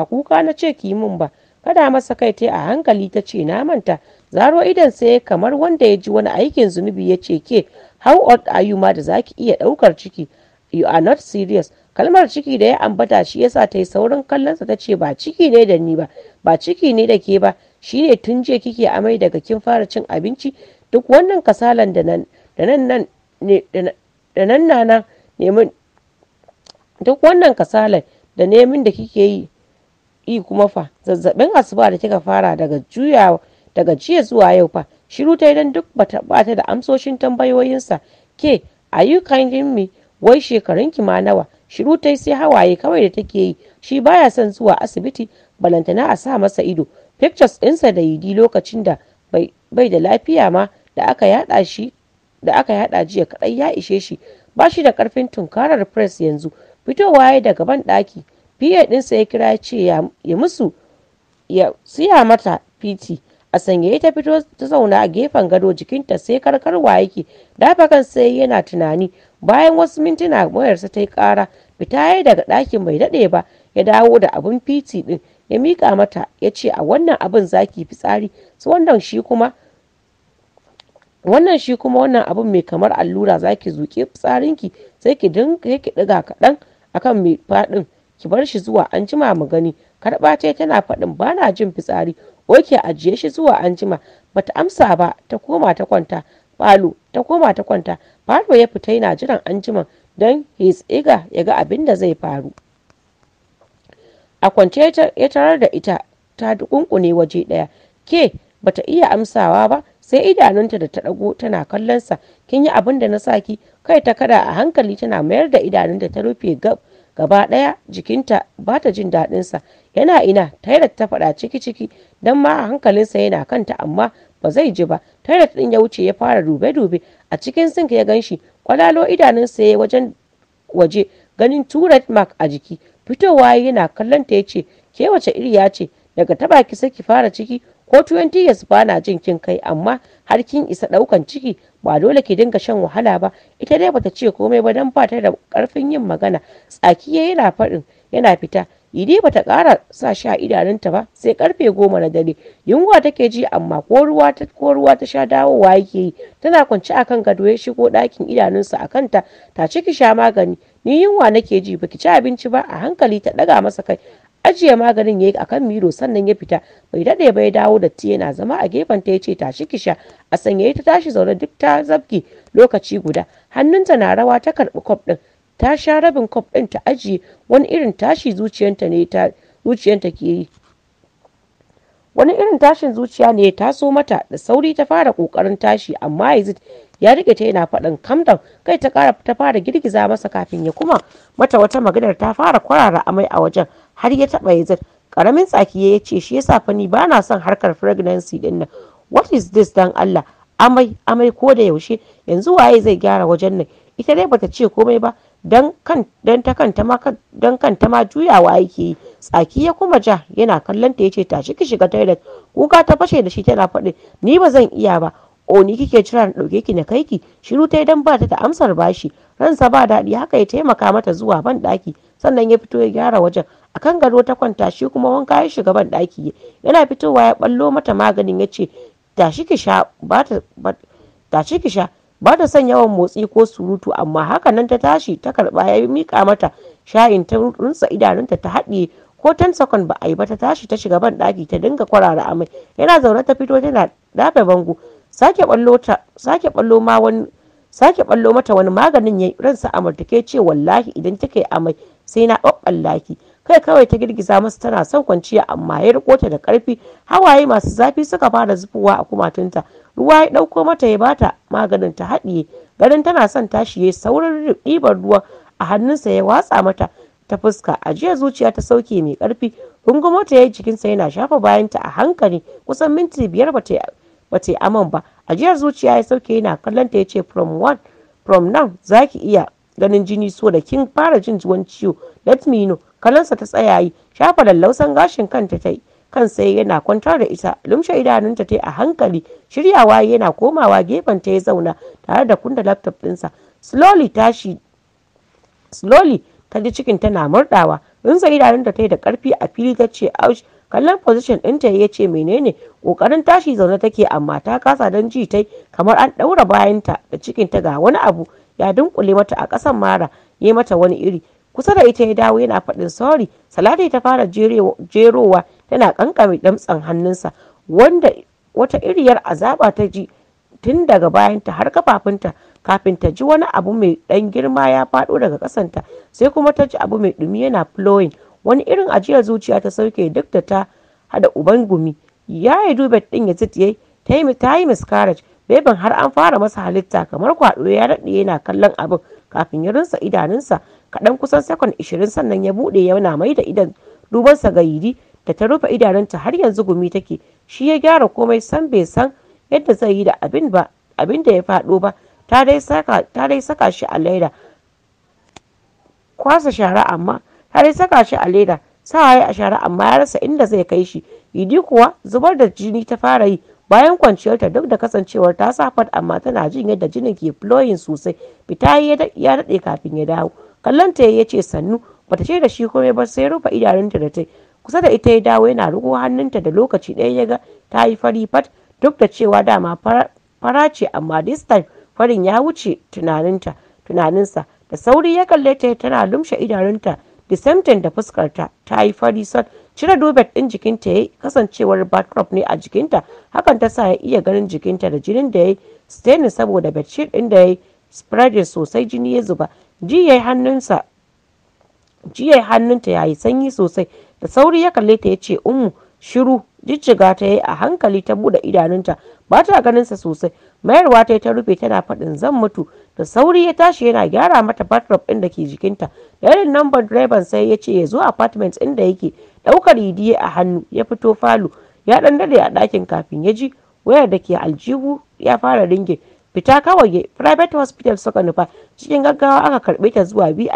ba kuka na ce ki mun ba kada masa kai ta a hankali ta ce na manta zaro idan sai kamar wanda ya ji wani aikin zunubi ya ce ke how old are you ma da zaki iya daukar ciki you are not serious kalmar ciki da ya ambata shi yasa ta yi saurin kallonsa ta ce ba ciki ne da ni ba ba ciki ne da ke ba shine tun je kike amai daga kin fara cin abinci duk wannan kasalan da nan da nan nan ne da nan nana nemin duk wannan kasalan da nemin da kike yi yi kuma fa zazzabin asuba da kika fara daga juya daga jiya zuwa yau fa shiru ta idan duk bata bata da amsoshin tambayoyinsa ke are you kindly me wai shekarun ki ma nawa shiru ta sai hawaye kawai da take yi shi baya son zuwa asibiti balantana a sa masa ido pictures ɗinsa da yidi lokacin da bai da lafiya ma da aka yada shi da aka yada jiya kadai ya ishe shi ba shi da karfin tunkarar press yanzu fitowa ya daga ban daki pa ɗinsa ya kira ce ya musu ya siya mata fiti a sanyaye ta fito ta zauna a gefen gado jikinta sai karkarwa yake dafa kan sai yana tunani bayan wasu mintuna wayarsa ta yi kara fita ya daga ɗakin bai daɗe ba ya dawo da abin fiti ɗin ya miƙa mata ya ce a wannan abin zaki tsari su wannan shi kuma wannan shi kuma wannan abin mai kamar allura zaki zuƙi fitsarinki sai ki dinga ki ɗiga kaɗan akan mai faɗin ki bar shi zuwa an jima mu gani karɓa ce tana faɗin ba na jin fitsari oke ajiye shi zuwa an jima bata amsa ba ta koma ta kwanta palo ta koma ta kwanta palo ya fita yana jiran an jima don his iga ya ga abin da zai faru a kwance ya tarar da ita ta dukunkune waje ɗaya ke bata iya amsawa ba sai idanunta da ta ɗago tana kallonsa kin yi abin da na saki kai ta kada a hankali tana mayar da idanunta ta rufe gab gaba ɗaya jikinta ba ta jin daɗinsa yana ina tairat ta faɗa ciki ciki don ma a hankalinsa yana kanta amma ba zai ji ba tairat ɗin ya wuce ya fara dube dube a cikin sink ya ganshi kwalalo idanunsa ya wajen waje ganin turat mark a jiki fitowa yana kallon ta ya ce ke wace iriya ce daga tabaki sai ki fara ciki ko 20 years ba na jin kin kai amma har kin isa daukan ciki ba dole ki dinga shan wahala ba ita dai bata ce komai ba dan ba ta da karfin yin magana tsaki yana faɗin yana fita Idi bata kara sa shi a idanunta ba sai karfe goma na dare yunwa take ji amma ko ruwa ta ko ruwa ta sha dawowa yake yi tana kwance akan gado ya shigo ɗakin idanunsa a kanta ta ciki sha magani ni yunwa nake ji baki ci abinci ba a hankali ta ɗaga masa kai ajiye maganin ya yi a kan miro sannan ya fita bai dade ba ya dawo datti yana zama a gefen ya ce tashi kisha a sanya ta tashi zaune duk ta zabki lokaci guda hannunta na rawa ta karbi kwaf ɗin ta sha rabin kwaf ɗin ta ajiye wani irin tashi zuciyanta ne ta zuciyanta ke yi wani irin tashin zuciya ne ya taso mata da sauri ta fara kokarin tashi amma yanzu ya rike ta yana faɗin kamdan kai ta ƙara ta fara girgiza masa kafin ya kuma mata wata maganar ta fara kwarara amai a wajen har ya taɓa ya karamin tsaki ya ce shi yasa fa ni ba na son harkar pregnancy din nan what is this dan Allah amai amai ko da yaushe yanzu waye zai gyara wajen nan ita dai bata ce komai ba dan kan dan ta kanta ma dan kanta ma juyawa yake yi tsaki ya kuma ja yana kallon ta yace tashi ki shiga toilet kuka ta fashe da shi tana faɗi ni ba zan iya ba o ni kike jira na ɗauke ki na kai ki shiru ta dan ba ta da amsar bashi ransa ba daɗi haka ya taimaka mata zuwa ban daki sannan ya fito ya gyara wajen a kan gado ta kwanta shi kuma wanka ya shiga ban daki yana fitowa ya ballo mata maganin ya ce tashi ki sha ba ta son yawan motsi ko surutu amma haka nan ta tashi ta karba ya mika mata shayin ta rutsa idanunta ta haɗiye ko tan sakon ba a yi ba ta tashi ta shiga ban daki ta dinga kwarara amai yana zaune ta fito tana dafe bango sake ballo ma wani sake ballo mata wani maganin ya ransa amurtake ce wallahi idan take amai sai na ɓaɓɓallaki kai kawai ta girgiza masa tana son kwanciya amma ya riko ta da karfi hawaye masu zafi suka fara zubowa a kumatunta ruwa ya dauko mata ya bata maganin ta haɗiye garin tana son tashi ya saurin ribar ruwa a hannunsa ya watsa mata ta fuska ajiya zuciya ta sauke mai karfi rungumo ta yayi jikinsa yana shafa bayanta a hankali kusan minti biyar ba ta yi aman ba ajiyar zuciya ya sauke yana kallon ta ya ce from one from now zaki iya ganin jini so da kin fara jin juwan ciwo let me know kalansa ta tsaya yi shafa lallausan gashin kanta ta yi sai yana kwantar da ita lumshe idanunta ta a hankali shiryawa yana komawa gefen ta ya zauna tare da kunda laptop ɗinsa slowly tashi slowly ta ji cikin tana murɗawa rinsa idanunta ta da karfi a fili ta ce ouch kallon position ɗinta ya ce menene ƙoƙarin tashi zaune take amma ta kasa don ji tai kamar an ɗaura bayanta da cikinta ga wani abu ya dunkule mata a ƙasan mara ya mata wani iri kusa da ita ya dawo yana faɗin sorry salari ta fara jerowa tana kankame damtsan hannunsa wanda wata iriyar azaba ta ji tun daga bayanta har kafafunta kafin ta ji wani abu mai ɗan girma ya faɗo daga kasanta sai kuma ta ji abu mai ɗumi yana flowing wani irin ajiyar zuciya ta sauke duk da ta hada uban gumi ya yi dubet ɗin ya titiye ta yi miscarriage beban har an fara masa halitta kamar kwaɗo ya daɗe yana kallon abin kafin ya rinsa idanunsa kaɗan kusan sekon ishirin sannan ya buɗe yana mai da idan dubansa ga yiri da ta rufe idanunta har yanzu gumi take shi ya gyara komai san bai san yadda zai yi da abin ba abin da ya faɗo ba ta dai saka shi a leda kwasa shara amma ta dai saka shi a leda a shara amma ya rasa inda zai kai shi idi kuwa zubar da jini ta fara yi bayan kwanciyarta duk da kasancewar ta sa fat amma tana jin yadda jinin ke flowing sosai fita ya daɗe kafin ya dawo kallon ta ya ce sannu bata ce da shi komai ba sai rufe idanunta da ta kusa da ita ya dawo yana riko hannunta da lokaci ɗaya ya ga ta yi fari fat duk da cewa dama fara ce amma this time farin ya wuce tunaninta tunaninsa da sauri ya kalle ta tana lumshe idanunta disamtin da fuskarta ta yi fari son cire dubet ɗin jikinta ya kasancewar backdrop ne a jikinta hakan ta sa ya iya ganin jikinta da jinin da ya yi steni saboda bedsheet ɗin da ya yi sosai jini ya zuba ji hannunsa jiya hannunta ya yi sanyi sosai da sauri ya kalle ta ya ce umu shiru jijjiga ta yi a hankali ta bude idanunta ba ta ganinsa sosai mayarwa ta yi ta rufe tana faɗin zan mutu da sauri ya tashi yana gyara mata backdrop ɗin da ke jikinta yarin namban direban sai ya ce ya zo apartment ɗin da yake ɗaukar idiye a hannu ya fito falo ya dan dade a ɗakin kafin ya ji wayar da ke aljihu ya fara ringe fita kawai private hospital suka nufa cikin gaggawa aka karɓe ta zuwa vip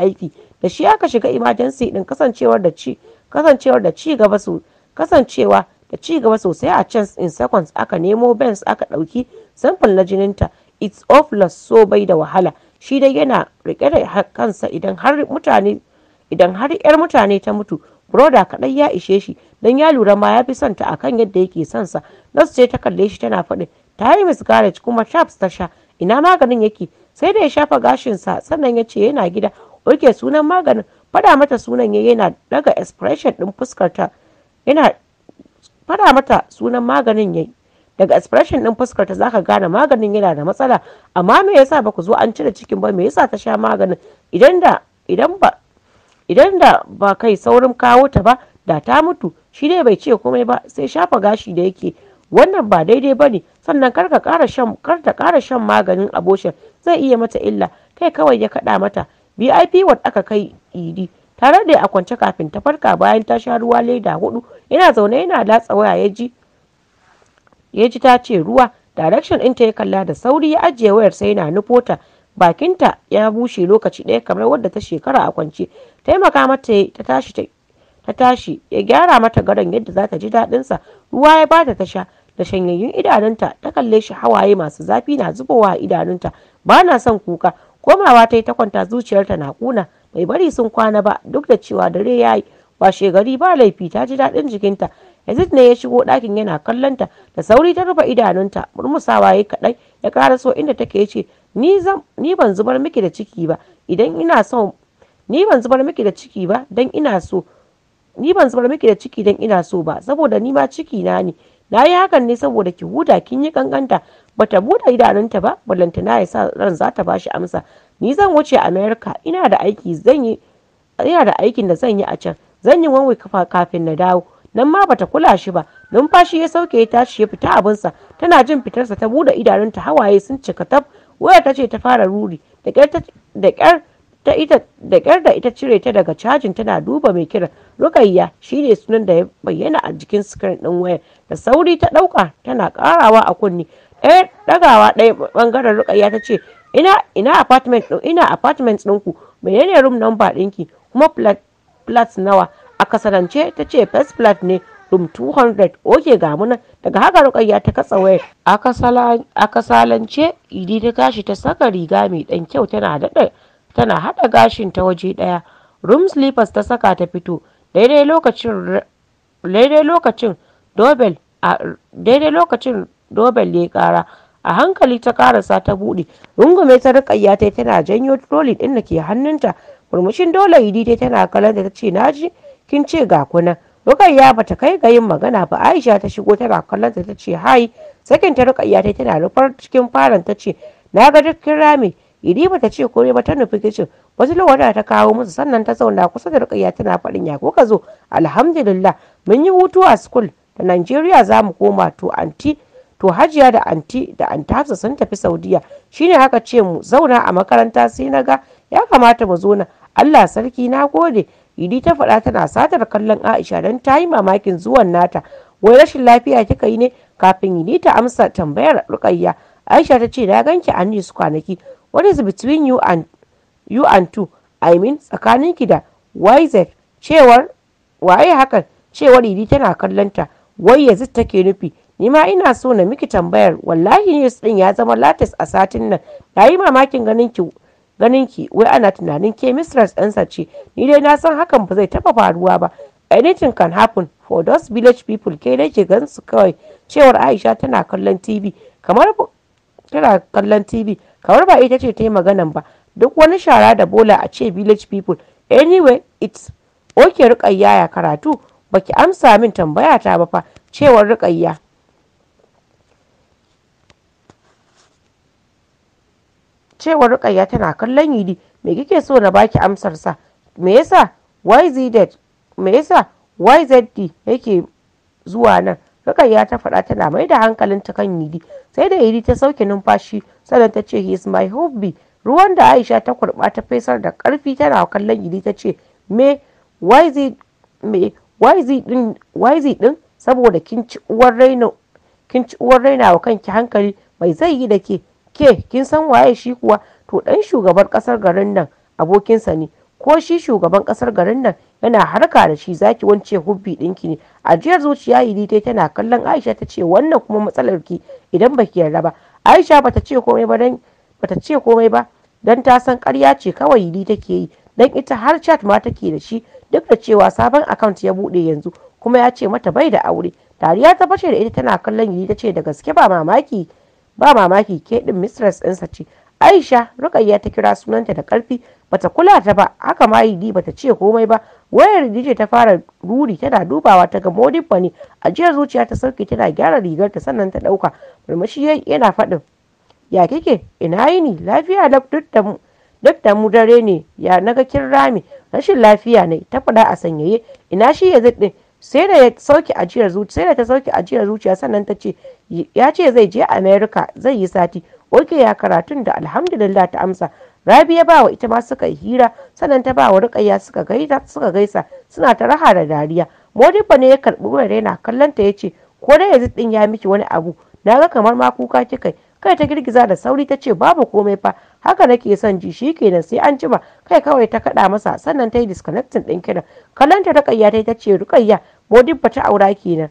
da shi aka shiga emergency ɗin kasancewar da ci kasancewar da ci gaba su kasancewa da ci gaba sosai a chance in seconds aka nemo bens aka ɗauki sample na jininta it's of less so bai da wahala shi dai yana rike da kansa idan har mutane idan har yar mutane ta mutu broda kadai ya ishe shi don ya lura ma ya fi son ta akan yadda yake son sa nas ce ta kalle shi tana faɗin ta yi garage kuma chaps ta sha ina maganin yake sai da ya shafa gashin sa sannan ya ce yana gida oke sunan maganin fada mata sunan ya yana daga expression din fuskar ta yana fada mata sunan maganin yayi daga expression din fuskar ta zaka gane maganin yana da matsala amma me yasa baku zo an cire cikin ba me yasa ta sha maganin idan da idan ba idan da ba kai saurin kawo ta ba da ta mutu shi dai bai ce komai ba sai shafa gashi da yake wannan ba daidai ba ne sannan kar ka kara shan kar ta kara shan maganin abosha zai iya mata illa kai kawai ya kaɗa mata vip wat aka kai idi e tare da a kwance kafin ta farka bayan ta sha ruwa leda hudu yana zaune yana latsa waya ya ji ya ji ta ce ruwa direction ta ya kalla da sauri ya ajiye wayar sai yana nufota bakinta ya bushe lokaci ɗaya kamar wadda ta shekara a kwance taimaka mata ta tashi ta tashi ya gyara mata garan yadda za ta ji daɗinsa ruwa ya bata ta sha da shanyayyun idanunta ta kalle shi hawaye masu zafi na zubowa a idanunta ba na son kuka komawa ta yi ta kwanta zuciyarta na kuna bai bari sun kwana ba duk da cewa dare ya yi washe gari ba laifi ta ji daɗin jikinta yazid ne ya shigo ɗakin yana kallonta da sauri ta rufe idanunta murmusawa ya kaɗai ya ƙara so inda take ya ce ni ban zubar miki da ciki ba idan ina so ni ban zubar miki da ciki ba dan ina so ni ban zubar miki da ciki dan ina so ba saboda ni ma ciki na ne na yi hakan ne saboda ki huta kin yi kankanta bata buɗe idanunta ba ballantana ya sa ran za ta bashi amsa ni zan wuce america ina da aiki zan yi ina da aikin da zan yi a can zan yi wanwai kafa kafin na dawo nan ma bata kula shi ba numfashi ya sauke ya tashi ya fita abinsa tana jin fitarsa ta bude idanunta hawaye sun cika tab wayar ta ce ta fara ruri da kyar ta da ita cire ta daga cajin tana duba mai kiran. rukayya shine sunan da ya bayyana a jikin sukarin din wayar da sauri ta dauka tana karawa a kunni ɗaya dagawa ɗaya bangaren rukayya ta ce ina ina apartment ina apartment ɗinku menene room number ɗinki kuma flat nawa a kasarance ta ce first flat ne room 200 oke ga muna daga haka rukayya ta katsa wayar a kasalance idi ta tashi ta saka riga mai dan kyau tana dada tana hada gashin ta waje daya room slippers ta saka ta fito daidai lokacin dobel a daidai lokacin dobel ya kara a hankali ta karasa ta bude rungume ta rukayya ta tana janyo trolling din da ke hannunta murmushin dole idi tana kalar da ta ce naji kin ce ga kuna Rukayya bata kai ga yin magana ba Aisha ta shigo tana kallon ta ce hai sakin ta Rukayya ta tana rufar cikin faran ce na ga dukkan rami idi bata ce komai ba ta nufi kicin wasu lokacin ta kawo musu sannan ta zauna kusa da Rukayya tana faɗin ya ka zo alhamdulillah mun yi hutu a school da Najeriya za mu koma to anti to hajiya da anti da anti Hafsa sun tafi Saudiya shine aka ce mu zauna a makaranta sai na ga ya kamata mu zo na Allah sarki na gode idi ta faɗa tana satar kallon aisha don ta yi mamakin zuwan nata wai rashin lafiya kika yi ne kafin idi ta amsa tambayar rukayya aisha ta ce na ganki a su kwanaki what is between you and you and two i mean tsakanin ki da yz cewar waye hakan cewar idi tana kallon ta wai yanzu take nufi ni ma ina so na miki tambayar wallahi news din ya zama latest a satin nan na yi mamakin ganin ki ganin ki wai ana tunanin ke mistress ɗansa ce ni dai na san hakan ba zai taɓa faruwa ba anything can happen for those village people ke dai ke gansu kawai cewar aisha tana kallon tv kamar tana kallon tv kamar ba ita ce ta yi maganan ba duk wani shara da bola a ce village people anyway it's okay rukayya ya karatu baki amsa min tambaya ta ba fa cewar rukayya cewar Rukayya tana kallon yidi me kike so na baki amsar sa me yasa YZD me yasa YZD yake zuwa nan Rukayya ta faɗa tana mai da hankalin ta kan yidi sai da Idi ta sauke numfashi sannan ta ce he my hobby ruwan da Aisha ta kurɓa ta fesar da karfi tana kallon yidi ta ce me YZ me YZ din YZ din saboda kin ci uwar raina kin ci uwar raina wa kanki hankali mai zai yi da ke ke kin san waye shi kuwa to dan shugaban kasar garin nan abokinsa ne ko shi shugaban kasar garin nan yana harka da shi zaki wance hubbi dinki ne ajiyar zuciya yi ta tana kallon aisha ta ce wannan kuma matsalar ki idan baki yarda ba aisha bata ce komai ba dan bata ce komai ba dan ta san ƙarya ce kawai yi dai take yi dan ita har chat ma take da shi duk da cewa sabon account ya bude yanzu kuma ya ce mata bai da aure dariya ta fashe da ita tana kallon yi ta ce da gaske ba mamaki ba mamaki ke din mistress ɗinsa ce aisha rukayya ta kira sunanta da ƙarfi bata kula ta ba haka ma yidi bata ce komai ba wayar dije ta fara ruri tana dubawa ta ga ba ne ajiyar zuciya ta sauke tana gyara rigar ta sannan ta ɗauka murmushi yana faɗin ya kike ina yini lafiya duk da mu dare ne ya naga kin rami rashin lafiya ne ta faɗa a sanyaye ina shi ya zaɗe sai da sai da ta sauke ajiyar zuciya sannan ta ce ya ce zai je america zai yi sati oke ya karatun da alhamdulillah ta amsa rabi ya ba wa ita ma suka yi hira sannan ta bawa rukayya suka gaida suka gaisa suna ta raha da dariya modifa ne ya karbi wayar yana kallon ta ce ko dai yanzu din ya miki wani abu na ga kamar ma kuka kika kai ta girgiza da sauri ta ce babu komai fa haka nake son ji shi kenan sai an jima kai kawai ta kada masa sannan ta yi disconnecting din kiran kallon ta rukayya ta ce rukayya modifa ta aura kenan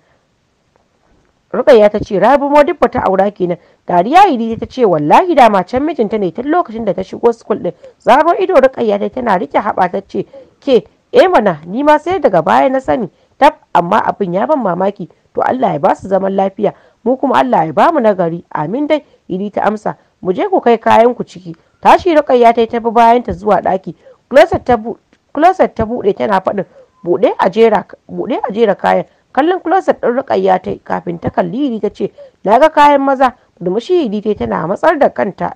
Rukayya ta ce Rabi Modibba ta aura kenan. Dariya Idi ta ce wallahi dama can mijinta ne tun lokacin da ta shigo school din. Zaro ido Rukayya ta tana rike haba ta ce ke eh mana ni ma sai daga baya na sani tab amma abin ya ban mamaki to Allah ya ba su zaman lafiya mu kuma Allah ya ba mu nagari amin dai Idi ta amsa mu je ku kai kayan ku ciki tashi Rukayya ta tafi bayan ta zuwa daki closet ta bude tana faɗin bude a jera kayan kallon closet ɗin rukayya ta kafin ta kalli yiri ta ce na ga kayan maza murmushi yiri ta tana matsar da kanta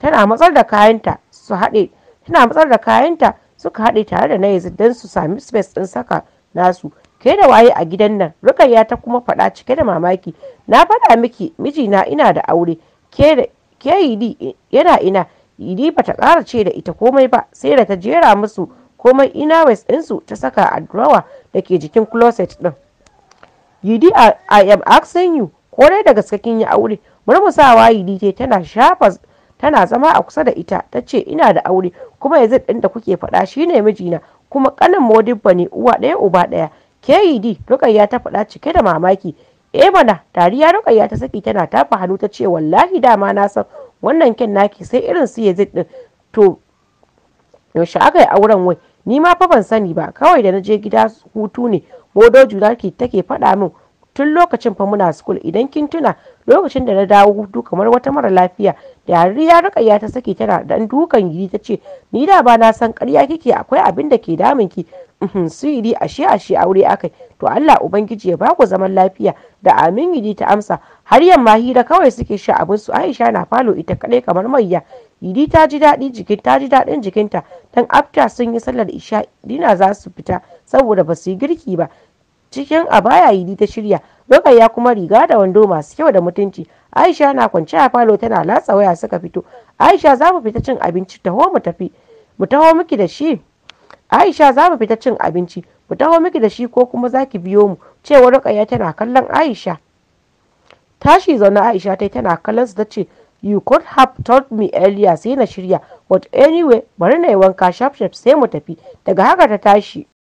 tana matsar da kayanta su haɗe tana matsar da kayanta suka haɗe tare da na yanzu don su sami space ɗin saka nasu ke da waye a gidan nan rukayya ta kuma faɗa cike da mamaki na faɗa miki mijina ina da aure ke yidi yana ina yidi bata ƙara ce da ita komai ba sai da ta jera musu komai inawes ɗinsu ta saka a drawer da ke jikin closet ɗin. Yidi I am asking you ko dai da gaske kin yi aure murmusawa Yidi ce tana shafa tana zama a kusa da ita ta ce ina da aure kuma yanzu ɗin da kuke faɗa shi ne mijina kuma ƙanin modibba ne uwa ɗaya uba ɗaya ke Yidi Rukayya ta faɗa cike da mamaki e eh bana tariya Rukayya ta saki tana tafa hannu ta ce wallahi dama na san wannan kin naki sai irin su yanzu ɗin to yaushe aka yi auren wai ni ma fa ban sani ba kawai da na je gida hutu ne modo junaki take faɗa min tun lokacin fa muna school idan kin tuna lokacin da na dawo hutu kamar wata mara lafiya ya rika ya ta saki tana dan dukan gidi ta ce ni da ba na san karya kike akwai abin da ke damun ki uhm, siri ashe ashe aure akai to Allah ubangiji ya ba ku zaman lafiya da amin gidi ta amsa har yamma hira kawai suke sha abin su Aisha na falo ita kadai kamar mayya Idi ta ji daɗi jikin ta ji daɗin jikinta dan afta sun yi sallar isha dina za su fita saboda ba su yi girki ba cikin abaya yi ta shirya rukayya kuma riga da wando masu kyau da mutunci aisha na kwance a falo tana latsa waya suka fito aisha za mu fita cin abinci taho mu tafi mu taho miki da shi aisha za mu fita cin abinci mu taho miki da shi ko kuma za ki biyo mu cewa rukayya tana kallon aisha tashi zaune aisha ta tana kallon su ta ce you could have told me earlier sai na shirya but anyway bari na yi wanka sharp sai mu tafi daga haka ta tashi